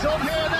He's up here now.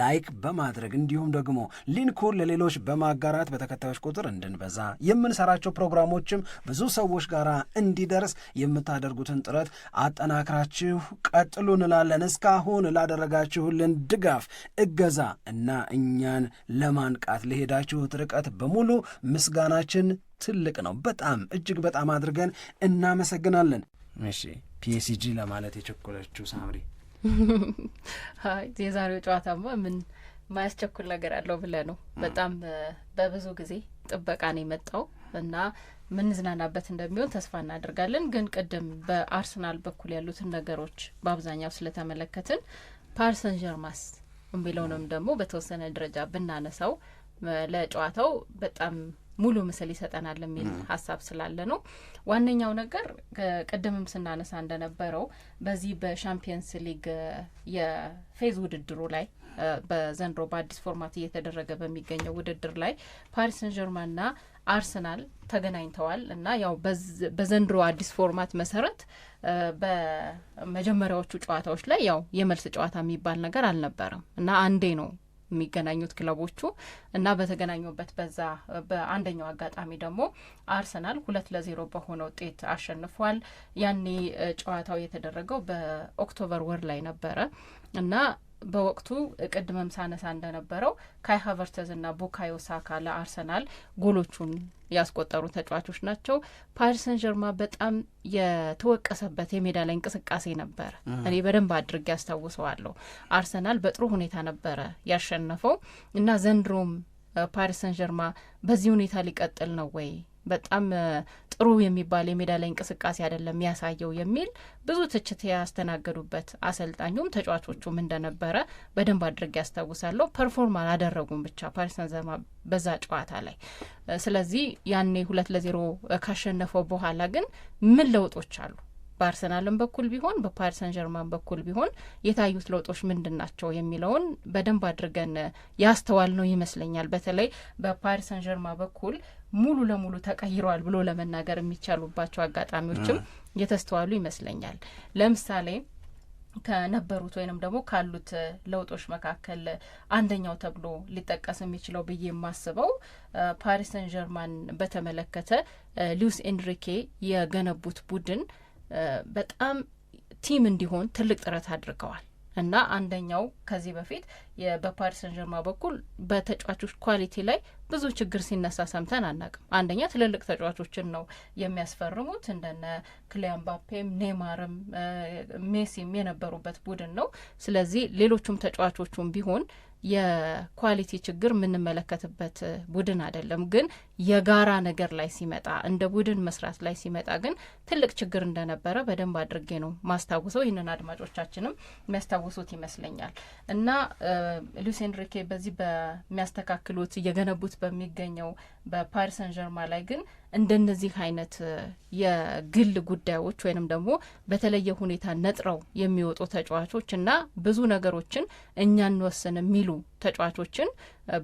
ላይክ በማድረግ እንዲሁም ደግሞ ሊንኩን ለሌሎች በማጋራት በተከታዮች ቁጥር እንድንበዛ የምንሰራቸው ፕሮግራሞችም ብዙ ሰዎች ጋር እንዲደርስ የምታደርጉትን ጥረት አጠናክራችሁ ቀጥሉ እንላለን። እስካሁን ላደረጋችሁልን ድጋፍ፣ እገዛ እና እኛን ለማንቃት ለሄዳችሁት ርቀት በሙሉ ምስጋናችን ትልቅ ነው። በጣም እጅግ በጣም አድርገን እናመሰግናለን። እሺ ፒኤስጂ ለማለት የቸኮለችው ሳምሪ የዛሬው ጨዋታማ ምን ማያስቸኩል ነገር አለው ብለ ነው። በጣም በብዙ ጊዜ ጥበቃ ነው የመጣው እና ምንዝናናበት እንደሚሆን ተስፋ እናደርጋለን። ግን ቅድም በአርሰናል በኩል ያሉትን ነገሮች በአብዛኛው ስለተመለከትን ፓርሰን ጀርማስ የሚለውንም ደግሞ በተወሰነ ደረጃ ብናነሳው ለጨዋታው በጣም ሙሉ ምስል ይሰጠናል የሚል ሀሳብ ስላለ ነው። ዋነኛው ነገር ቅድምም ስናነሳ እንደነበረው በዚህ በሻምፒየንስ ሊግ የፌዝ ውድድሩ ላይ በዘንድሮ በአዲስ ፎርማት እየተደረገ በሚገኘው ውድድር ላይ ፓሪስ ሰን ጀርማንና አርሰናል ተገናኝተዋል እና ያው በዘንድሮ አዲስ ፎርማት መሰረት በመጀመሪያዎቹ ጨዋታዎች ላይ ያው የመልስ ጨዋታ የሚባል ነገር አልነበረም እና አንዴ ነው የሚገናኙት ክለቦቹ እና በተገናኙበት በዛ በአንደኛው አጋጣሚ ደግሞ አርሰናል ሁለት ለዜሮ በሆነ ውጤት አሸንፏል። ያኔ ጨዋታው የተደረገው በኦክቶበር ወር ላይ ነበረ እና በወቅቱ ቅድመም ሳነሳ እንደነበረው ካይ ሀቨርተዝ ና ቡካዮ ሳካ ለአርሰናል ጎሎቹን ያስቆጠሩ ተጫዋቾች ናቸው። ፓሪስ ሰን ጀርማ በጣም የተወቀሰበት የሜዳ ላይ እንቅስቃሴ ነበረ። እኔ በደንብ አድርጌ ያስታውሰዋለሁ። አርሰናል በጥሩ ሁኔታ ነበረ ያሸነፈው እና ዘንድሮም ፓሪስ ሰን ጀርማ በዚህ ሁኔታ ሊቀጥል ነው ወይ በጣም ጥሩ የሚባል የሜዳ ላይ እንቅስቃሴ አይደለም ያሳየው የሚል ብዙ ትችት ያስተናገዱበት አሰልጣኙም ተጫዋቾቹም እንደነበረ በደንብ አድርጌ ያስታውሳለሁ። ፐርፎርም አላደረጉም ብቻ ፓሪስ ሰንዘርማ በዛ ጨዋታ ላይ። ስለዚህ ያኔ ሁለት ለዜሮ ካሸነፈው በኋላ ግን ምን ለውጦች አሉ? በአርሰናልም በኩል ቢሆን በፓሪሰን ጀርማን በኩል ቢሆን የታዩት ለውጦች ምንድን ናቸው የሚለውን በደንብ አድርገን ያስተዋል ነው ይመስለኛል። በተለይ በፓሪሰን ጀርማ በኩል ሙሉ ለሙሉ ተቀይረዋል ብሎ ለመናገር የሚቻሉባቸው አጋጣሚዎችም የተስተዋሉ ይመስለኛል። ለምሳሌ ከነበሩት ወይንም ደግሞ ካሉት ለውጦች መካከል አንደኛው ተብሎ ሊጠቀስ የሚችለው ብዬ የማስበው ፓሪሰን ጀርማን በተመለከተ ሉዊስ ኤንሪኬ የገነቡት ቡድን በጣም ቲም እንዲሆን ትልቅ ጥረት አድርገዋል እና አንደኛው ከዚህ በፊት በፓሪስ ሰን በኩል በተጫዋቾች ኳሊቲ ላይ ብዙ ችግር ሲነሳ ሰምተን አናቅም። አንደኛ ትልልቅ ተጫዋቾችን ነው የሚያስፈርሙት እንደነ ክሊያን ምባፔም ኔማርም ሜሲም የነበሩበት ቡድን ነው። ስለዚህ ሌሎቹም ተጫዋቾቹም ቢሆን የኳሊቲ ችግር የምንመለከትበት ቡድን አይደለም። ግን የጋራ ነገር ላይ ሲመጣ እንደ ቡድን መስራት ላይ ሲመጣ ግን ትልቅ ችግር እንደነበረ በደንብ አድርጌ ነው ማስታውሰው። ይህንን አድማጮቻችንም የሚያስታውሱት ይመስለኛል። እና ሉዊስ ኤንሪኬ በዚህ በሚያስተካክሉት እየገነቡት በሚገኘው በፓሪሰን ጀርማ ላይ ግን እንደነዚህ አይነት የግል ጉዳዮች ወይንም ደግሞ በተለየ ሁኔታ ነጥረው የሚወጡ ተጫዋቾች እና ብዙ ነገሮችን እኛ እንወስን የሚሉ ተጫዋቾችን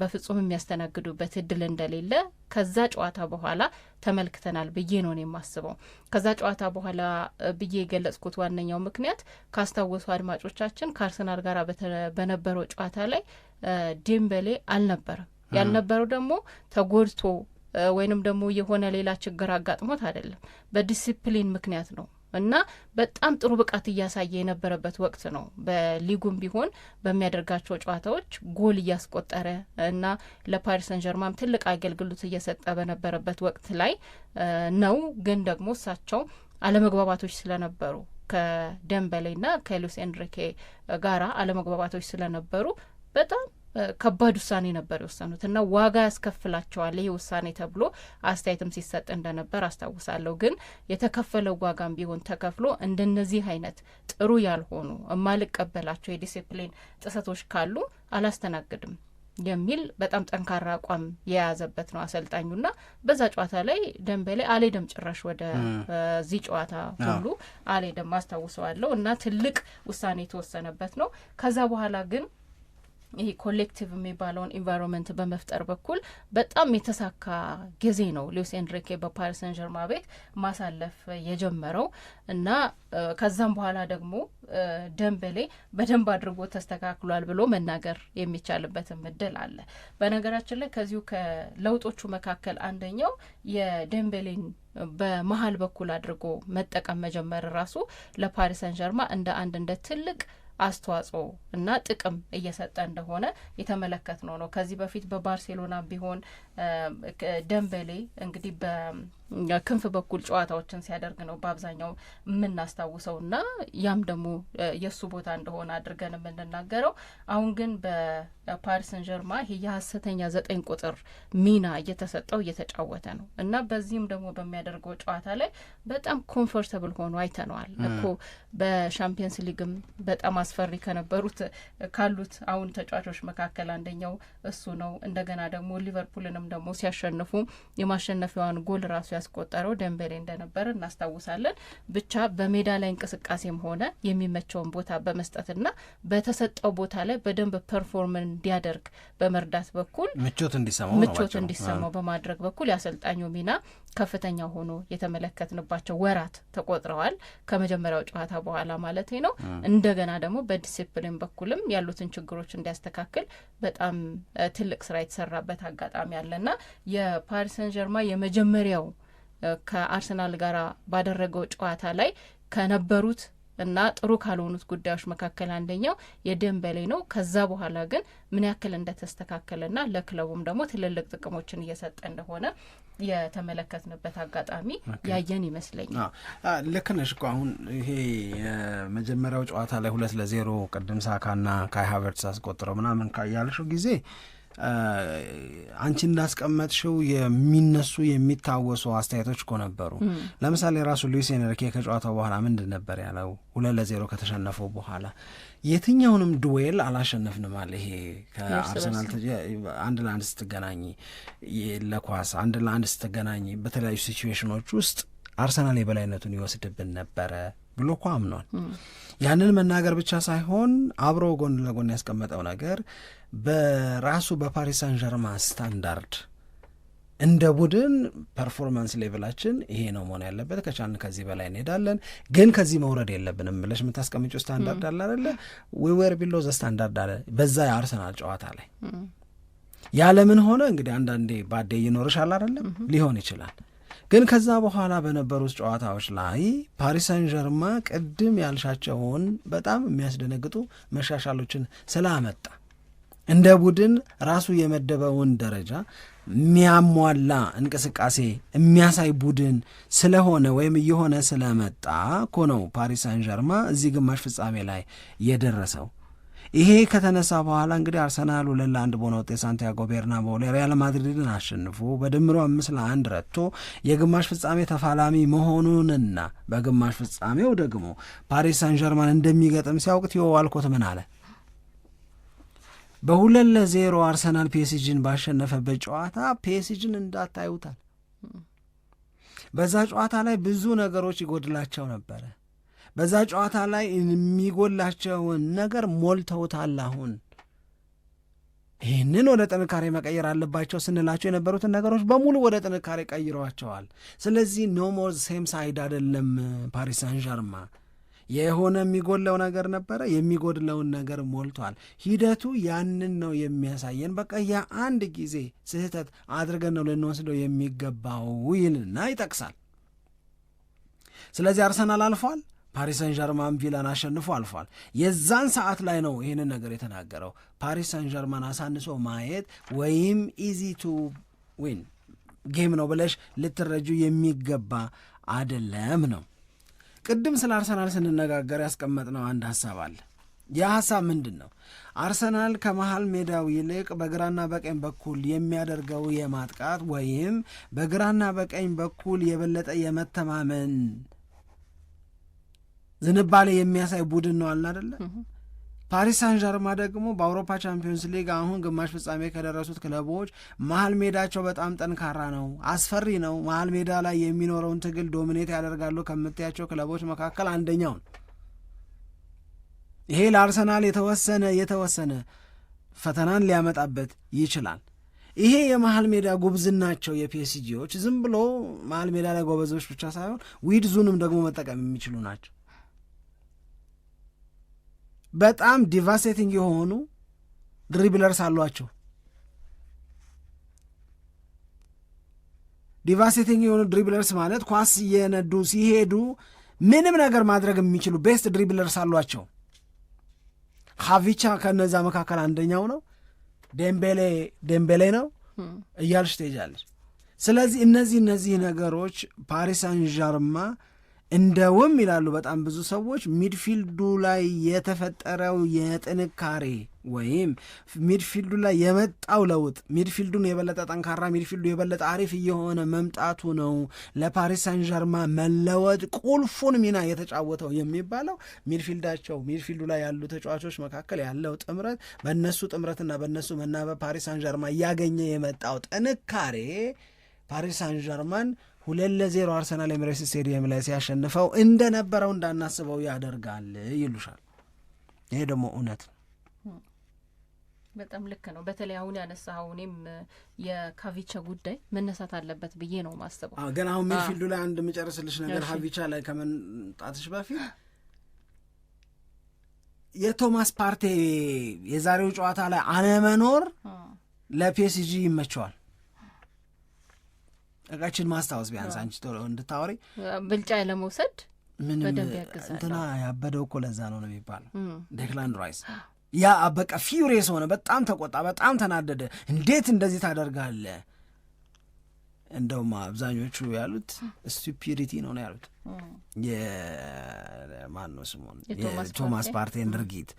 በፍጹም የሚያስተናግዱበት እድል እንደሌለ ከዛ ጨዋታ በኋላ ተመልክተናል ብዬ ነው የማስበው። ከዛ ጨዋታ በኋላ ብዬ የገለጽኩት ዋነኛው ምክንያት ካስታወሱ አድማጮቻችን ከአርሰናል ጋር በነበረው ጨዋታ ላይ ዴምበሌ አልነበረም። ያልነበረው ደግሞ ተጎድቶ ወይንም ደግሞ የሆነ ሌላ ችግር አጋጥሞት አይደለም፣ በዲሲፕሊን ምክንያት ነው እና በጣም ጥሩ ብቃት እያሳየ የነበረበት ወቅት ነው። በሊጉም ቢሆን በሚያደርጋቸው ጨዋታዎች ጎል እያስቆጠረ እና ለፓሪስ ሰን ጀርማም ትልቅ አገልግሎት እየሰጠ በነበረበት ወቅት ላይ ነው። ግን ደግሞ እሳቸው አለመግባባቶች ስለነበሩ ከደንበሌ ና ከሉስ ኤንሪኬ ጋራ አለመግባባቶች ስለነበሩ በጣም ከባድ ውሳኔ ነበር የወሰኑት እና ዋጋ ያስከፍላቸዋል ይህ ውሳኔ ተብሎ አስተያየትም ሲሰጥ እንደነበር አስታውሳለሁ። ግን የተከፈለው ዋጋም ቢሆን ተከፍሎ እንደነዚህ አይነት ጥሩ ያልሆኑ የማልቀበላቸው የዲሲፕሊን ጥሰቶች ካሉ አላስተናግድም የሚል በጣም ጠንካራ አቋም የያዘበት ነው ና በዛ ጨዋታ ላይ ደንቤ ላይ አልሄድም ጭራሽ ወደዚህ ጨዋታ ሁሉ አሌደም አስታውሰዋለሁ እና ትልቅ ውሳኔ የተወሰነበት ነው ከዛ በኋላ ግን ይሄ ኮሌክቲቭ የሚባለውን ኢንቫይሮንመንት በመፍጠር በኩል በጣም የተሳካ ጊዜ ነው ሉዊስ ኤንሪኬ በፓሪስ ሰን ጀርማ ቤት ማሳለፍ የጀመረው እና ከዛም በኋላ ደግሞ ደንበሌ በደንብ አድርጎ ተስተካክሏል ብሎ መናገር የሚቻልበትም እድል አለ። በነገራችን ላይ ከዚሁ ከለውጦቹ መካከል አንደኛው የደንበሌን በመሀል በኩል አድርጎ መጠቀም መጀመር ራሱ ለፓሪስ ሰን ጀርማ እንደ አንድ እንደ ትልቅ አስተዋጽኦ እና ጥቅም እየሰጠ እንደሆነ የተመለከት ነው ነው ከዚህ በፊት በባርሴሎና ቢሆን ደንበሌ እንግዲህ በ ክንፍ በኩል ጨዋታዎችን ሲያደርግ ነው በአብዛኛው የምናስታውሰው እና ያም ደግሞ የእሱ ቦታ እንደሆነ አድርገን የምንናገረው። አሁን ግን በፓሪስ ጀርማ ይሄ የሀሰተኛ ዘጠኝ ቁጥር ሚና እየተሰጠው እየተጫወተ ነው እና በዚህም ደግሞ በሚያደርገው ጨዋታ ላይ በጣም ኮምፎርተብል ሆኖ አይተነዋል እኮ በሻምፒየንስ ሊግም በጣም አስፈሪ ከነበሩት ካሉት አሁን ተጫዋቾች መካከል አንደኛው እሱ ነው። እንደገና ደግሞ ሊቨርፑልንም ደግሞ ሲያሸንፉ የማሸነፊያዋን ጎል ራሱ ያስቆጠረው ደንበሌ እንደነበረ እናስታውሳለን። ብቻ በሜዳ ላይ እንቅስቃሴም ሆነ የሚመቸውን ቦታ በመስጠትና በተሰጠው ቦታ ላይ በደንብ ፐርፎርም እንዲያደርግ በመርዳት በኩል ምቾት እንዲሰማው ምቾት እንዲሰማው በማድረግ በኩል የአሰልጣኙ ሚና ከፍተኛ ሆኖ የተመለከትንባቸው ወራት ተቆጥረዋል። ከመጀመሪያው ጨዋታ በኋላ ማለት ነው። እንደገና ደግሞ በዲሲፕሊን በኩልም ያሉትን ችግሮች እንዲያስተካክል በጣም ትልቅ ስራ የተሰራበት አጋጣሚ አለና የፓሪስ ሰን ጀርማ የመጀመሪያው ከአርሰናል ጋር ባደረገው ጨዋታ ላይ ከነበሩት እና ጥሩ ካልሆኑት ጉዳዮች መካከል አንደኛው የደንበሌ ነው። ከዛ በኋላ ግን ምን ያክል እንደተስተካከለና ለክለቡም ደግሞ ትልልቅ ጥቅሞችን እየሰጠ እንደሆነ የተመለከትንበት አጋጣሚ ያየን ይመስለኛል። ልክ ነሽ እኮ አሁን ይሄ የመጀመሪያው ጨዋታ ላይ ሁለት ለዜሮ ቅድም ሳካና ካይ ሀቨርትስ አስቆጥረው ምናምን ካያልሹ ጊዜ አንቺ እንዳስቀመጥሽው የሚነሱ የሚታወሱ አስተያየቶች እኮ ነበሩ። ለምሳሌ ራሱ ሉዊስ ኤንሪኬ ከጨዋታው በኋላ ምንድን ነበር ያለው? ሁለት ለዜሮ ከተሸነፈው በኋላ የትኛውንም ድዌል አላሸነፍንም አለ። ይሄ ከአርሰናል አንድ ለአንድ ስትገናኝ ለኳስ አንድ ለአንድ ስትገናኝ በተለያዩ ሲትዌሽኖች ውስጥ አርሰናል የበላይነቱን ይወስድብን ነበረ ብሎ እኮ አምኗል። ያንን መናገር ብቻ ሳይሆን አብሮ ጎን ለጎን ያስቀመጠው ነገር በራሱ በፓሪስ ሳን ዠርማ ስታንዳርድ እንደ ቡድን ፐርፎርማንስ ሌቭላችን ይሄ ነው መሆን ያለበት፣ ከቻን ከዚህ በላይ እንሄዳለን፣ ግን ከዚህ መውረድ የለብንም ብለሽ የምታስቀምጪው ስታንዳርድ አለ አይደለ? ዊዌር ቢሎ ዘ ስታንዳርድ አለ በዛ የአርሰናል ጨዋታ ላይ ያለምን ሆነ እንግዲህ አንዳንዴ ባዴ ይኖርሽ አይደለም ሊሆን ይችላል ግን ከዛ በኋላ በነበሩት ጨዋታዎች ላይ ፓሪስ ሰን ዠርማ ቅድም ያልሻቸውን በጣም የሚያስደነግጡ መሻሻሎችን ስላመጣ እንደ ቡድን ራሱ የመደበውን ደረጃ የሚያሟላ እንቅስቃሴ የሚያሳይ ቡድን ስለሆነ ወይም እየሆነ ስለመጣ እኮ ነው ፓሪስ ሰን ዠርማ እዚህ ግማሽ ፍጻሜ ላይ የደረሰው። ይሄ ከተነሳ በኋላ እንግዲህ አርሰናል ሁለት ለአንድ በሆነ ውጤት ሳንቲያጎ ቤርናቦ ሪያል ማድሪድን አሸንፎ በድምሮ አምስት ለአንድ ረትቶ የግማሽ ፍጻሜ ተፋላሚ መሆኑንና በግማሽ ፍጻሜው ደግሞ ፓሪስ ሳን ጀርማን እንደሚገጥም ሲያውቅ ቲዮ ዋልኮት ምን አለ? በሁለት ለዜሮ አርሰናል ፒኤስጂን ባሸነፈበት ጨዋታ ፒኤስጂን እንዳታዩታል። በዛ ጨዋታ ላይ ብዙ ነገሮች ይጎድላቸው ነበረ። በዛ ጨዋታ ላይ የሚጎላቸውን ነገር ሞልተውታል። አሁን ይህንን ወደ ጥንካሬ መቀየር አለባቸው ስንላቸው የነበሩትን ነገሮች በሙሉ ወደ ጥንካሬ ቀይረዋቸዋል። ስለዚህ ኖሞር ሴም ሳይድ አይደለም ፓሪስ ሳን ዠርማ የሆነ የሚጎለው ነገር ነበረ። የሚጎድለውን ነገር ሞልቷል። ሂደቱ ያንን ነው የሚያሳየን። በቃ የአንድ ጊዜ ስህተት አድርገን ነው ልንወስደው የሚገባው ይልና ይጠቅሳል። ስለዚህ አርሰናል አልፏል። ፓሪስ ሰን ዠርማን ቪላን አሸንፎ አልፏል። የዛን ሰዓት ላይ ነው ይህንን ነገር የተናገረው። ፓሪስ ሰን ዠርማን አሳንሶ ማየት ወይም ኢዚ ቱ ዊን ጌም ነው ብለሽ ልትረጁ የሚገባ አይደለም ነው። ቅድም ስለ አርሰናል ስንነጋገር ያስቀመጥነው አንድ ሀሳብ አለ። ያ ሀሳብ ምንድን ነው? አርሰናል ከመሃል ሜዳው ይልቅ በግራና በቀኝ በኩል የሚያደርገው የማጥቃት ወይም በግራና በቀኝ በኩል የበለጠ የመተማመን ዝንባሌ የሚያሳይ ቡድን ነው አለ አደለ። ፓሪስ ሳን ዠርማ ደግሞ በአውሮፓ ቻምፒዮንስ ሊግ አሁን ግማሽ ፍጻሜ ከደረሱት ክለቦች መሀል ሜዳቸው በጣም ጠንካራ ነው፣ አስፈሪ ነው። መሀል ሜዳ ላይ የሚኖረውን ትግል ዶሚኔት ያደርጋሉ ከምታያቸው ክለቦች መካከል አንደኛው ነው። ይሄ ለአርሰናል የተወሰነ የተወሰነ ፈተናን ሊያመጣበት ይችላል። ይሄ የመሀል ሜዳ ጉብዝናቸው የፒኤስጂዎች ዝም ብሎ መሀል ሜዳ ላይ ጎበዞች ብቻ ሳይሆን ዊድዙንም ደግሞ መጠቀም የሚችሉ ናቸው። በጣም ዲቫስቴቲንግ የሆኑ ድሪብለርስ አሏቸው። ዲቫስቴቲንግ የሆኑ ድሪብለርስ ማለት ኳስ እየነዱ ሲሄዱ ምንም ነገር ማድረግ የሚችሉ ቤስት ድሪብለርስ አሏቸው። ሀቪቻ ከነዛ መካከል አንደኛው ነው። ደምቤሌ ደምቤሌ ነው hmm. እያልሽ ትሄጃለች። ስለዚህ እነዚህ እነዚህ ነገሮች ፓሪስ ሳን ዣርማ እንደውም ይላሉ በጣም ብዙ ሰዎች ሚድፊልዱ ላይ የተፈጠረው የጥንካሬ ወይም ሚድፊልዱ ላይ የመጣው ለውጥ ሚድፊልዱን የበለጠ ጠንካራ ሚድፊልዱ የበለጠ አሪፍ እየሆነ መምጣቱ ነው ለፓሪስ ሳን ዠርማ መለወጥ ቁልፉን ሚና የተጫወተው የሚባለው ሚድፊልዳቸው ሚድፊልዱ ላይ ያሉ ተጫዋቾች መካከል ያለው ጥምረት በእነሱ ጥምረትና በእነሱ መናበብ ፓሪስ ሳን ዠርማ እያገኘ የመጣው ጥንካሬ ፓሪስ ሳን ዠርማን ሁለት ለዜሮ አርሰናል ኤሚሬትስ ስቴዲየም ላይ ሲያሸንፈው እንደነበረው እንዳናስበው ያደርጋል ይሉሻል። ይሄ ደግሞ እውነት ነው። በጣም ልክ ነው። በተለይ አሁን ያነሳኸው እኔም የካቪቻ ጉዳይ መነሳት አለበት ብዬ ነው ማስበው። ግን አሁን ሚድፊልዱ ላይ አንድ የምጨርስልሽ ነገር ካቪቻ ላይ ከመንጣትሽ በፊት የቶማስ ፓርቴ የዛሬው ጨዋታ ላይ አለመኖር ለፒኤስጂ ይመቸዋል። ችን ማስታወስ ቢያንስ አንቺ ቶሎ እንድታወሪ ብልጫ ለመውሰድ ምንም እንትና ያበደው እኮ ለዛ ነው ነው የሚባለው ዴክላን ራይስ ያ በቃ ፊውሬስ ሆነ። በጣም ተቆጣ፣ በጣም ተናደደ። እንዴት እንደዚህ ታደርጋለ? እንደውም አብዛኞቹ ያሉት ስቱፒሪቲ ነው ነው ያሉት። የማን ነው ስሙን የቶማስ ፓርቴን ድርጊት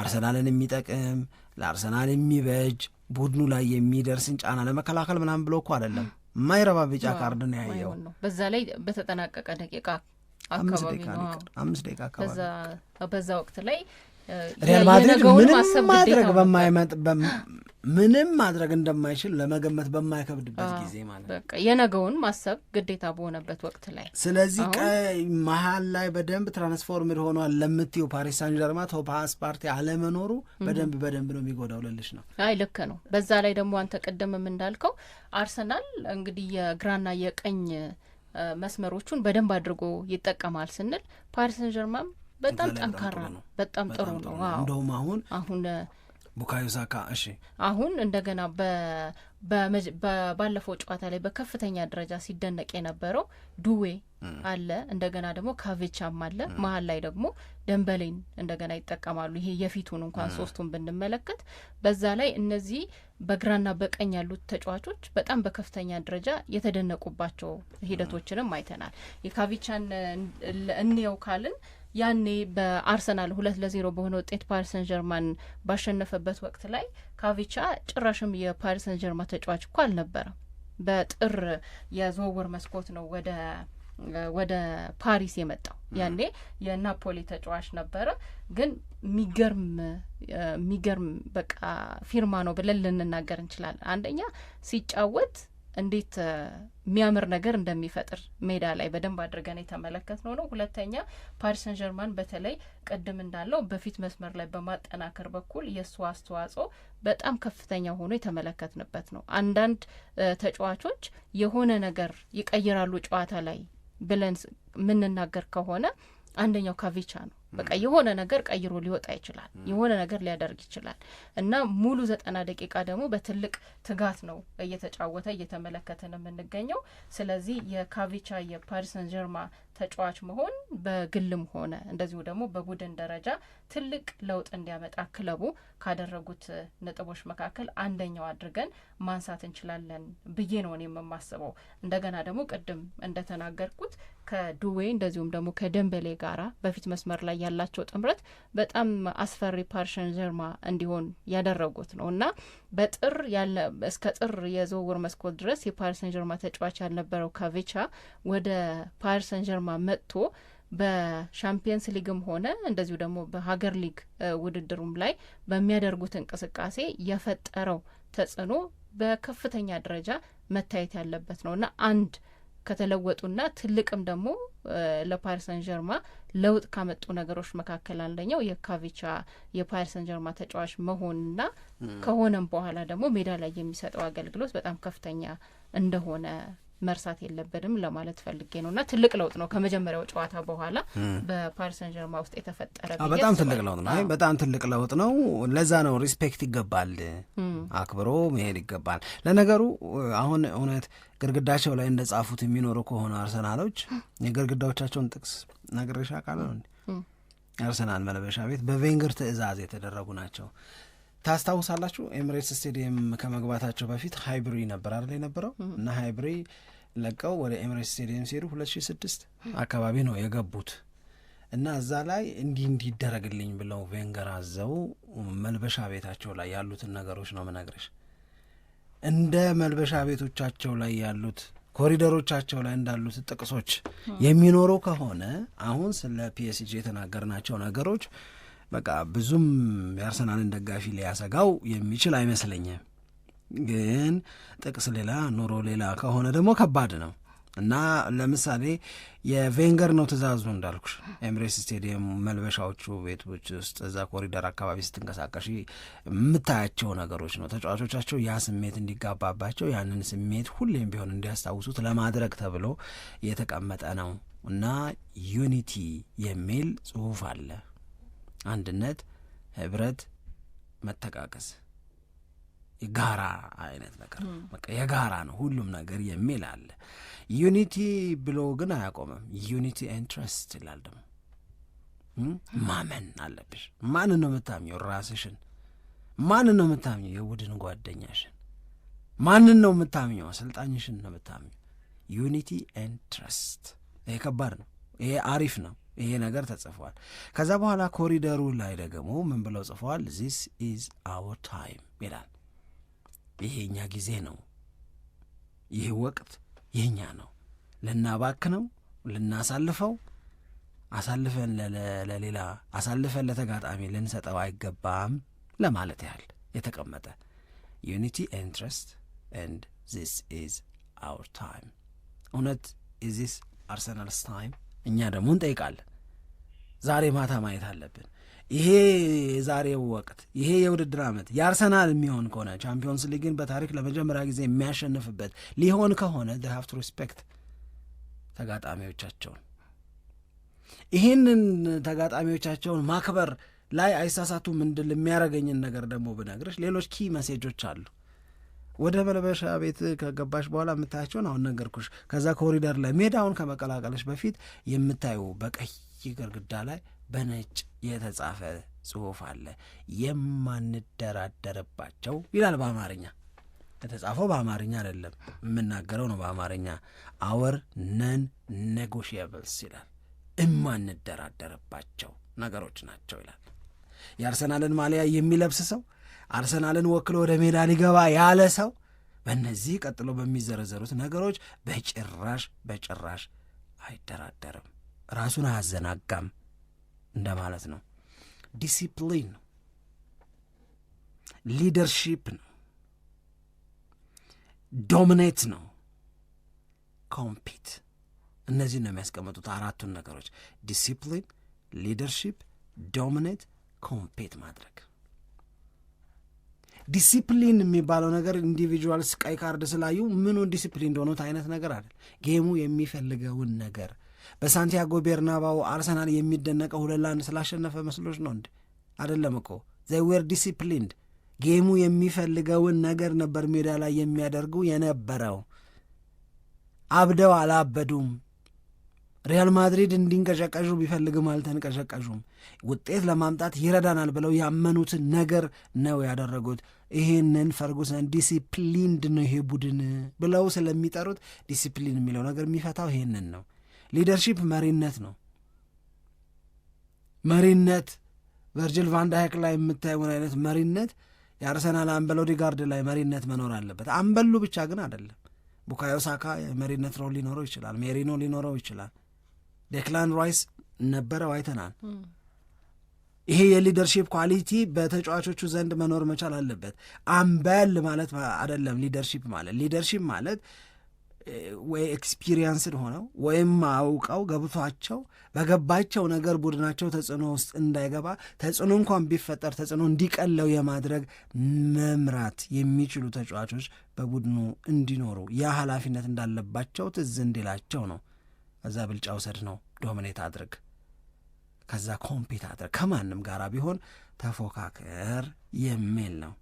አርሰናልን የሚጠቅም ለአርሰናል የሚበጅ ቡድኑ ላይ የሚደርስን ጫና ለመከላከል ምናምን ብሎ እኮ አይደለም ማይረባ ቢጫ ካርድ ነው ያየው። በዛ ላይ በተጠናቀቀ ደቂቃ አካባቢ ነው አምስት ደቂቃ አካባቢ በዛ ወቅት ላይ ሪያል ማድሪድ ምንም ማድረግ በማይመጥ ምንም ማድረግ እንደማይችል ለመገመት በማይከብድበት ጊዜ ማለት ነው። የነገውን ማሰብ ግዴታ በሆነበት ወቅት ላይ ስለዚህ ቀይ መሀል ላይ በደንብ ትራንስፎርምድ ሆኗል ለምትው ፓሪስ ሳን ጀርማ ቶፓስ ፓርቲ አለመኖሩ በደንብ በደንብ ነው የሚጎዳው ልልሽ ነው። አይ ልክ ነው። በዛ ላይ ደግሞ አንተ ቀደምም እንዳልከው አርሰናል እንግዲህ የግራና የቀኝ መስመሮቹን በደንብ አድርጎ ይጠቀማል ስንል ፓሪስ ሳን ጀርማም በጣም ጠንካራ ነው። በጣም ጥሩ ነው። እንደውም አሁን አሁን ቡካዮ ሳካ እሺ፣ አሁን እንደገና ባለፈው ጨዋታ ላይ በከፍተኛ ደረጃ ሲደነቅ የነበረው ዱዌ አለ፣ እንደገና ደግሞ ካቬቻም አለ። መሀል ላይ ደግሞ ደንበሌን እንደገና ይጠቀማሉ። ይሄ የፊቱን እንኳን ሶስቱን ብንመለከት በዛ ላይ እነዚህ በግራና በቀኝ ያሉት ተጫዋቾች በጣም በከፍተኛ ደረጃ የተደነቁባቸው ሂደቶችንም አይተናል። የካቬቻን እንየው ካልን ያኔ በአርሰናል ሁለት ለዜሮ በሆነ ውጤት ፓሪሰን ጀርማን ባሸነፈበት ወቅት ላይ ካቪቻ ጭራሽም የፓሪሰን ጀርማ ተጫዋች እኮ አልነበረም። በጥር የዝውውር መስኮት ነው ወደ ወደ ፓሪስ የመጣው። ያኔ የናፖሊ ተጫዋች ነበረ። ግን ሚገርም ሚገርም በቃ ፊርማ ነው ብለን ልንናገር እንችላለን። አንደኛ ሲጫወት እንዴት የሚያምር ነገር እንደሚፈጥር ሜዳ ላይ በደንብ አድርገን የተመለከትነው ነው። ሁለተኛ ፓሪስ ሰን ጀርማን በተለይ ቅድም እንዳለው በፊት መስመር ላይ በማጠናከር በኩል የእሱ አስተዋጽኦ በጣም ከፍተኛ ሆኖ የተመለከትንበት ነው። አንዳንድ ተጫዋቾች የሆነ ነገር ይቀይራሉ ጨዋታ ላይ ብለን የምንናገር ከሆነ አንደኛው ካቪቻ ነው። በቃ የሆነ ነገር ቀይሮ ሊወጣ ይችላል፣ የሆነ ነገር ሊያደርግ ይችላል እና ሙሉ ዘጠና ደቂቃ ደግሞ በትልቅ ትጋት ነው እየተጫወተ እየተመለከተን የምንገኘው። ስለዚህ የካቪቻ የፓሪስ ሰን ጀርማ ተጫዋች መሆን በግልም ሆነ እንደዚሁ ደግሞ በቡድን ደረጃ ትልቅ ለውጥ እንዲያመጣ ክለቡ ካደረጉት ነጥቦች መካከል አንደኛው አድርገን ማንሳት እንችላለን ብዬ ነው እኔ የማስበው። እንደገና ደግሞ ቅድም እንደተናገርኩት ከዱዌ እንደዚሁም ደግሞ ከደንበሌ ጋራ በፊት መስመር ላይ ያላቸው ጥምረት በጣም አስፈሪ ፓርሽን ጀርማ እንዲሆን ያደረጉት ነው እና በጥር ያለ እስከ ጥር የዝውውር መስኮት ድረስ የፓሪሰን ጀርማ ተጫዋች ያልነበረው ካቬቻ ወደ ፓሪሰን ጀርማ ፓርማ መጥቶ በሻምፒየንስ ሊግም ሆነ እንደዚሁ ደግሞ በሀገር ሊግ ውድድሩም ላይ በሚያደርጉት እንቅስቃሴ የፈጠረው ተጽዕኖ በከፍተኛ ደረጃ መታየት ያለበት ነው እና አንድ ከተለወጡና ትልቅም ደግሞ ለፓሪሰን ጀርማ ለውጥ ካመጡ ነገሮች መካከል አንደኛው የካቪቻ የፓሪሰን ጀርማ ተጫዋች መሆንና ከሆነም በኋላ ደግሞ ሜዳ ላይ የሚሰጠው አገልግሎት በጣም ከፍተኛ እንደሆነ መርሳት የለብንም ለማለት ፈልጌ ነው። እና ትልቅ ለውጥ ነው ከመጀመሪያው ጨዋታ በኋላ በፓሪሰን ጀርማ ውስጥ የተፈጠረ በጣም ትልቅ ለውጥ ነው። በጣም ትልቅ ለውጥ ነው። ለዛ ነው ሪስፔክት ይገባል፣ አክብሮ መሄድ ይገባል። ለነገሩ አሁን እውነት ግድግዳቸው ላይ እንደ ጻፉት የሚኖሩ ከሆኑ አርሰናሎች የግድግዳዎቻቸውን ጥቅስ ነግሬሻ ቃል ነው አርሰናል መለበሻ ቤት በቬንገር ትዕዛዝ የተደረጉ ናቸው። ታስታውሳላችሁ ኤምሬትስ ስቴዲየም ከመግባታቸው በፊት ሃይብሪ ነበር አይደል የነበረው እና ሃይብሪ ለቀው ወደ ኤምሬትስ ስቴዲየም ሲሄዱ ሁለት ሺ ስድስት አካባቢ ነው የገቡት እና እዛ ላይ እንዲህ እንዲደረግልኝ ብለው ቬንገር አዘው መልበሻ ቤታቸው ላይ ያሉትን ነገሮች ነው ምነግርሽ። እንደ መልበሻ ቤቶቻቸው ላይ ያሉት ኮሪደሮቻቸው ላይ እንዳሉት ጥቅሶች የሚኖሩ ከሆነ አሁን ስለ ፒኤስጂ የተናገርናቸው ነገሮች በቃ ብዙም የአርሰናልን ደጋፊ ሊያሰጋው የሚችል አይመስለኝም። ግን ጥቅስ ሌላ ኑሮ ሌላ ከሆነ ደግሞ ከባድ ነው እና ለምሳሌ የቬንገር ነው ትእዛዙ እንዳልኩ ኤምሬስ ስቴዲየም መልበሻዎቹ ቤቶች ውስጥ እዛ ኮሪደር አካባቢ ስትንቀሳቀሽ የምታያቸው ነገሮች ነው። ተጫዋቾቻቸው ያ ስሜት እንዲጋባባቸው ያንን ስሜት ሁሌም ቢሆን እንዲያስታውሱት ለማድረግ ተብሎ የተቀመጠ ነው እና ዩኒቲ የሚል ጽሁፍ አለ አንድነት፣ ህብረት፣ መተቃቀስ የጋራ አይነት ነገር በቃ የጋራ ነው ሁሉም ነገር የሚል አለ። ዩኒቲ ብሎ ግን አያቆምም። ዩኒቲ ኢንትረስት ይላል ደግሞ ማመን አለብሽ። ማንን ነው የምታምኘው? ራስሽን። ማንን ነው የምታምኘው? የቡድን ጓደኛሽን። ማንን ነው የምታምኘው? አሰልጣኝሽን ነው የምታምኘው። ዩኒቲ ኢንትረስት። ይሄ ከባድ ነው። ይሄ አሪፍ ነው። ይሄ ነገር ተጽፏል። ከዛ በኋላ ኮሪደሩ ላይ ደግሞ ምን ብለው ጽፈዋል? ዚስ ኢዝ አወር ታይም ይላል። ይሄ እኛ ጊዜ ነው። ይህ ወቅት የእኛ ነው። ልናባክነው፣ ልናሳልፈው፣ አሳልፈን ለሌላ አሳልፈን ለተጋጣሚ ልንሰጠው አይገባም ለማለት ያህል የተቀመጠ ዩኒቲ ኢንትረስት ኤንድ ዚስ ኢዝ አወር ታይም እውነት ኢዚስ አርሰናልስ ታይም እኛ ደግሞ እንጠይቃለን። ዛሬ ማታ ማየት አለብን። ይሄ የዛሬው ወቅት ይሄ የውድድር ዓመት የአርሰናል የሚሆን ከሆነ ቻምፒዮንስ ሊግን በታሪክ ለመጀመሪያ ጊዜ የሚያሸንፍበት ሊሆን ከሆነ ሀፍት ሪስፔክት ተጋጣሚዎቻቸውን ይህንን ተጋጣሚዎቻቸውን ማክበር ላይ አይሳሳቱም እንድል የሚያደርገኝን ነገር ደግሞ ብነግርሽ ሌሎች ኪ መሴጆች አሉ። ወደ መልበሻ ቤት ከገባሽ በኋላ የምታያቸውን አሁን ነገርኩሽ። ከዛ ኮሪደር ላይ ሜዳውን ከመቀላቀልሽ በፊት የምታዩ በቀይ ግርግዳ ላይ በነጭ የተጻፈ ጽሁፍ አለ። የማንደራደርባቸው ይላል በአማርኛ የተጻፈው በአማርኛ አይደለም፣ የምናገረው ነው በአማርኛ። አወር ነን ኔጎሽየብልስ ይላል የማንደራደርባቸው ነገሮች ናቸው ይላል። የአርሰናልን ማሊያ የሚለብስ ሰው አርሰናልን ወክሎ ወደ ሜዳ ሊገባ ያለ ሰው በእነዚህ ቀጥሎ በሚዘረዘሩት ነገሮች በጭራሽ በጭራሽ አይደራደርም። ራሱን አያዘናጋም እንደማለት ነው። ዲሲፕሊን ነው፣ ሊደርሺፕ ነው፣ ዶሚኔት ነው፣ ኮምፒት እነዚህ ነው የሚያስቀምጡት አራቱን ነገሮች ዲሲፕሊን፣ ሊደርሺፕ፣ ዶሚኔት፣ ኮምፒት ማድረግ ዲሲፕሊን የሚባለው ነገር ኢንዲቪጁዋልስ ቀይ ካርድ ስላዩ ምኑን ዲሲፕሊን እንደሆኑት አይነት ነገር አይደል። ጌሙ የሚፈልገውን ነገር በሳንቲያጎ ቤርናባው አርሰናል የሚደነቀው ሁለት ለአንድ ስላሸነፈ መስሎች ነው እንዴ? አደለም እኮ ዘይ ዌር ዲሲፕሊንድ። ጌሙ የሚፈልገውን ነገር ነበር ሜዳ ላይ የሚያደርጉ የነበረው። አብደው አላበዱም። ሪያል ማድሪድ እንዲንቀሸቀሹ ቢፈልግም አልተንቀሸቀሹም። ውጤት ለማምጣት ይረዳናል ብለው ያመኑትን ነገር ነው ያደረጉት። ይህንን ፈርጉሰን ዲሲፕሊንድ ነው ይሄ ቡድን ብለው ስለሚጠሩት ዲሲፕሊን የሚለው ነገር የሚፈታው ይህንን ነው። ሊደርሺፕ መሪነት ነው። መሪነት ቨርጅል ቫንዳይክ ላይ የምታየውን አይነት መሪነት የአርሰናል አምበሎ ዲጋርድ ላይ መሪነት መኖር አለበት። አምበሉ ብቻ ግን አይደለም። ቡካዮ ሳካ የመሪነት ሮል ሊኖረው ይችላል። ሜሪኖ ሊኖረው ይችላል። ዴክላን ራይስ ነበረው አይተናል። ይሄ የሊደርሺፕ ኳሊቲ በተጫዋቾቹ ዘንድ መኖር መቻል አለበት። አምበል ማለት አይደለም ሊደርሺፕ ማለት ሊደርሺፕ ማለት ወይ ኤክስፒሪየንስድ ሆነው ወይም አውቀው ገብቷቸው በገባቸው ነገር ቡድናቸው ተጽዕኖ ውስጥ እንዳይገባ ተጽዕኖ እንኳን ቢፈጠር ተጽዕኖ እንዲቀለው የማድረግ መምራት የሚችሉ ተጫዋቾች በቡድኑ እንዲኖሩ ያ ኃላፊነት እንዳለባቸው ትዝ እንዲላቸው ነው። ከዛ ብልጫ ውሰድ ነው ዶሚኔት አድርግ፣ ከዛ ኮምፒት አድርግ ከማንም ጋር ቢሆን ተፎካከር የሚል ነው።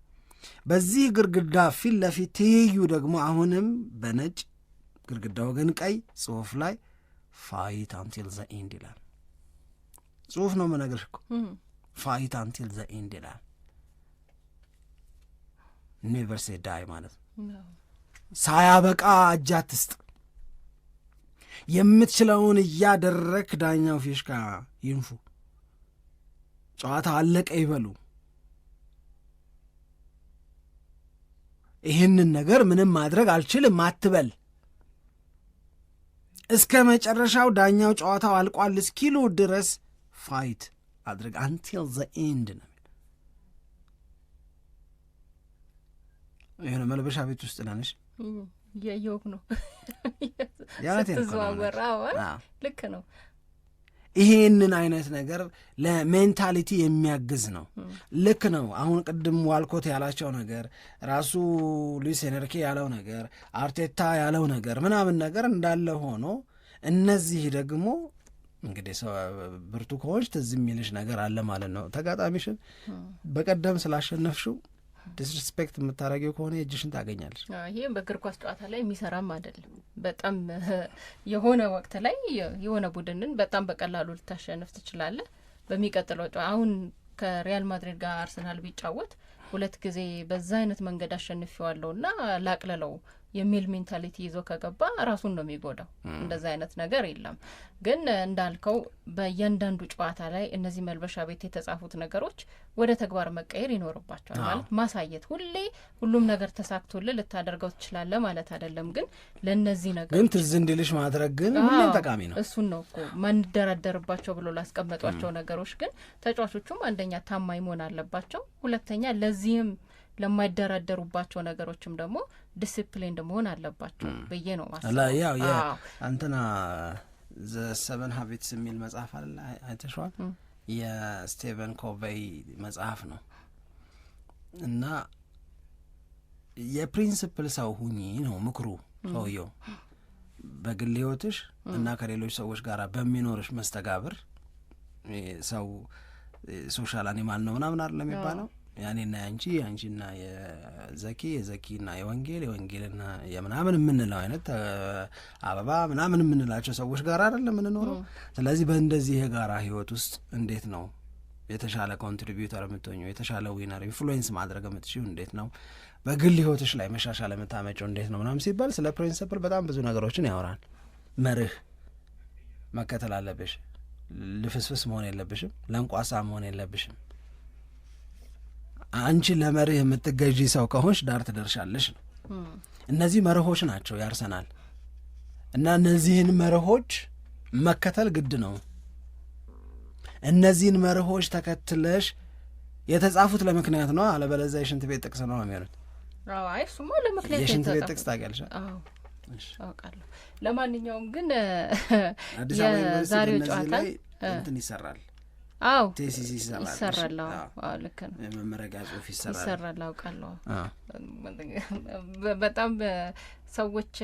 በዚህ ግርግዳ ፊት ለፊት ትይዩ ደግሞ አሁንም በነጭ ግድግዳው ግን ቀይ ጽሁፍ ላይ ፋይት አንቲል ዘ ኢንድ ይላል። ጽሁፍ ነው መነግርሽ እኮ ፋይት አንቲል ዘ ኢንድ ይላል። ዩኒቨርሲቲ ዳይ ማለት ነው። ሳያበቃ እጅ አትስጥ የምትችለውን እያደረክ ዳኛው ፊሽካ ይንፉ፣ ጨዋታ አለቀ ይበሉ። ይህንን ነገር ምንም ማድረግ አልችልም አትበል። እስከ መጨረሻው ዳኛው ጨዋታው አልቋል እስኪሉ ድረስ ፋይት አድርግ። አንቲል ዘ ኤንድ ነው። የሆነ መልበሻ ቤት ውስጥ ነነሽ እያየውክ ነው ስትዘዋወራ ልክ ነው። ይሄንን አይነት ነገር ለሜንታሊቲ የሚያግዝ ነው። ልክ ነው። አሁን ቅድም ዋልኮት ያላቸው ነገር ራሱ ሉዊስ ኤንሪኬ ያለው ነገር አርቴታ ያለው ነገር ምናምን ነገር እንዳለ ሆኖ እነዚህ ደግሞ እንግዲህ ሰው ብርቱ ከሆንሽ ትዝ የሚልሽ ነገር አለ ማለት ነው። ተጋጣሚሽን በቀደም ስላሸነፍሽው ዲስሪስፔክት የምታደርገው ከሆነ እጅሽን ታገኛለች። ይህም በእግር ኳስ ጨዋታ ላይ የሚሰራም አይደለም። በጣም የሆነ ወቅት ላይ የሆነ ቡድንን በጣም በቀላሉ ልታሸንፍ ትችላለህ። በሚቀጥለው ጨዋታ አሁን ከሪያል ማድሪድ ጋር አርሰናል ቢጫወት ሁለት ጊዜ በዛ አይነት መንገድ አሸንፊዋለሁ ና ላቅለለው የሚል ሜንታሊቲ ይዞ ከገባ ራሱን ነው የሚጎዳው። እንደዚ አይነት ነገር የለም። ግን እንዳልከው በእያንዳንዱ ጨዋታ ላይ እነዚህ መልበሻ ቤት የተጻፉት ነገሮች ወደ ተግባር መቀየር ይኖርባቸዋል። ማለት ማሳየት ሁሌ ሁሉም ነገር ተሳክቶልህ ልታደርገው ትችላለህ ማለት አይደለም። ግን ለእነዚህ ነገር ግን ትዝ እንዲልሽ ማድረግ ግን ሁሌም ጠቃሚ ነው። እሱን ነው እኮ ማንደራደርባቸው ብሎ ላስቀመጧቸው ነገሮች ግን ተጫዋቾቹም አንደኛ ታማኝ መሆን አለባቸው፣ ሁለተኛ ለዚህም ለማይደራደሩባቸው ነገሮችም ደግሞ ዲስፕሊንድ መሆን አለባቸው ብዬ ነው ማስበው። አንተና ዘ ሰቨን ሀቢትስ የሚል መጽሐፍ አለ አይተሸዋል። የስቴቨን ኮቬይ መጽሐፍ ነው እና የፕሪንስፕል ሰው ሁኚ ነው ምክሩ ሰውየው በግል ህይወትሽ እና ከሌሎች ሰዎች ጋር በሚኖርሽ መስተጋብር ሰው ሶሻል አኒማል ነው ምናምን አይደል የሚባለው ያኔና ያንቺ አንቺና የዘኪ የዘኪና የወንጌል የወንጌልና የምናምን የምንለው አይነት አበባ ምናምን የምንላቸው ሰዎች ጋር አይደለም የምንኖረው። ስለዚህ በእንደዚህ የጋራ ህይወት ውስጥ እንዴት ነው የተሻለ ኮንትሪቢዩተር የምትሆኙ የተሻለ ዊነር ኢንፍሉዌንስ ማድረግ የምትችው እንዴት ነው በግል ህይወትች ላይ መሻሻል የምታመጨው እንዴት ነው ምናምን ሲባል ስለ ፕሪንስፕል በጣም ብዙ ነገሮችን ያወራል። መርህ መከተል አለብሽ። ልፍስፍስ መሆን የለብሽም። ለንቋሳ መሆን የለብሽም። አንቺ ለመርህ የምትገዢ ሰው ከሆንሽ ዳር ትደርሻለሽ ነው። እነዚህ መርሆች ናቸው ያርሰናል እና እነዚህን መርሆች መከተል ግድ ነው። እነዚህን መርሆች ተከትለሽ የተጻፉት ለምክንያት ነው። አለበለዚያ የሽንት ቤት ጥቅስ ነው የሚሉት። የሽንት ቤት ጥቅስ ታውቂያለሽ? አውቃለሁ። ለማንኛውም ግን የዛሬው ጨዋታ እንትን ይሰራል አዎ ቴሲስ ይሰራል ይሰራል። አዎ ልክ ነው። መመረቂያ ጽሁፍ ይሰራል ይሰራል። አውቃለሁ። በጣም ሰዎች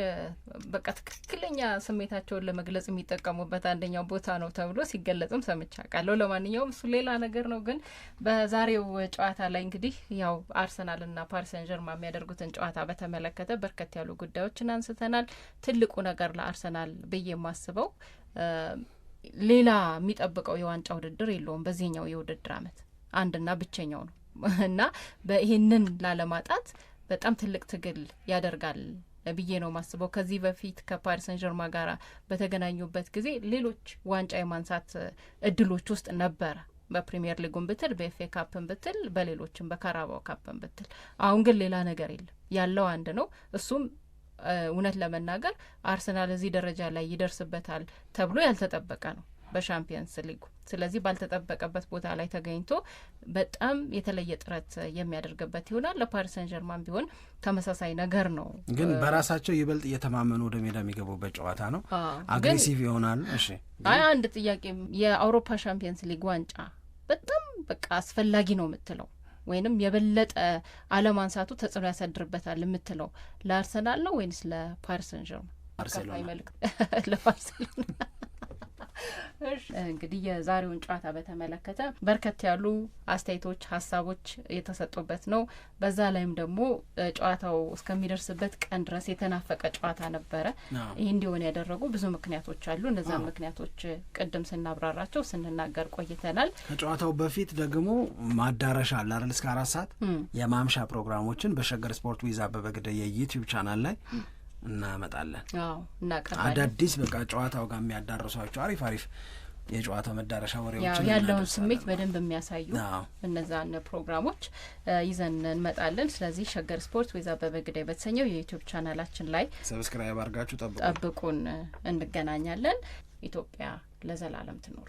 በቃ ትክክለኛ ስሜታቸውን ለመግለጽ የሚጠቀሙበት አንደኛው ቦታ ነው ተብሎ ሲገለጽም ሰምቼ አውቃለሁ። ለማንኛውም እሱ ሌላ ነገር ነው። ግን በዛሬው ጨዋታ ላይ እንግዲህ ያው አርሰናልና ፓሪስ ጀርማ የሚያደርጉትን ጨዋታ በተመለከተ በርከት ያሉ ጉዳዮችን አንስተናል። ትልቁ ነገር ለአርሰናል ብዬ የማስበው ሌላ የሚጠብቀው የዋንጫ ውድድር የለውም በዚህኛው የውድድር ዓመት አንድና ብቸኛው ነው እና በይህንን ላለማጣት በጣም ትልቅ ትግል ያደርጋል ብዬ ነው ማስበው። ከዚህ በፊት ከፓሪስ ሰን ጀርማ ጋር በተገናኙበት ጊዜ ሌሎች ዋንጫ የማንሳት እድሎች ውስጥ ነበረ። በፕሪሚየር ሊጉን ብትል፣ በኤፍኤ ካፕን ብትል፣ በሌሎችም በካራባው ካፕን ብትል። አሁን ግን ሌላ ነገር የለም ያለው አንድ ነው እሱም እውነት ለመናገር አርሰናል እዚህ ደረጃ ላይ ይደርስበታል ተብሎ ያልተጠበቀ ነው በሻምፒየንስ ሊጉ። ስለዚህ ባልተጠበቀበት ቦታ ላይ ተገኝቶ በጣም የተለየ ጥረት የሚያደርግበት ይሆናል። ለፓሪሰን ጀርማን ቢሆን ተመሳሳይ ነገር ነው፣ ግን በራሳቸው ይበልጥ እየተማመኑ ወደ ሜዳ የሚገቡበት ጨዋታ ነው። አግሬሲቭ ይሆናል። እሺ፣ አይ አንድ ጥያቄ የአውሮፓ ሻምፒየንስ ሊግ ዋንጫ በጣም በቃ አስፈላጊ ነው የምትለው ወይንም የበለጠ አለማንሳቱ ተጽዕኖ ያሳድርበታል የምትለው ለአርሰናል ነው ወይንስ ለፓሪስ ሴን እንግዲህ የዛሬውን ጨዋታ በተመለከተ በርከት ያሉ አስተያየቶች፣ ሀሳቦች የተሰጡበት ነው። በዛ ላይም ደግሞ ጨዋታው እስከሚደርስበት ቀን ድረስ የተናፈቀ ጨዋታ ነበረ። ይህ እንዲሆን ያደረጉ ብዙ ምክንያቶች አሉ። እነዚያ ምክንያቶች ቅድም ስናብራራቸው ስንናገር ቆይተናል። ከጨዋታው በፊት ደግሞ ማዳረሻ አለ አይደል? እስከ አራት ሰዓት የማምሻ ፕሮግራሞችን በሸገር ስፖርት ዊዝ አበበ ግደ የዩቲዩብ ቻናል ላይ እናመጣለን። አዳዲስ በቃ ጨዋታው ጋር የሚያዳርሷቸው አሪፍ አሪፍ የጨዋታው መዳረሻ ወሬዎች ያለውን ስሜት በደንብ የሚያሳዩ እነዛን ፕሮግራሞች ይዘን እንመጣለን። ስለዚህ ሸገር ስፖርት ወይዛ አበበ በተሰኘው የዩቲዩብ ቻናላችን ላይ ሰብስክራይብ አድርጋችሁ ጠብቁን። እንገናኛለን። ኢትዮጵያ ለዘላለም ትኖር።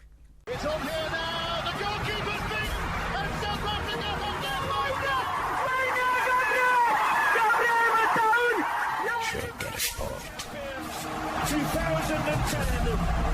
Get a Sport. 2010.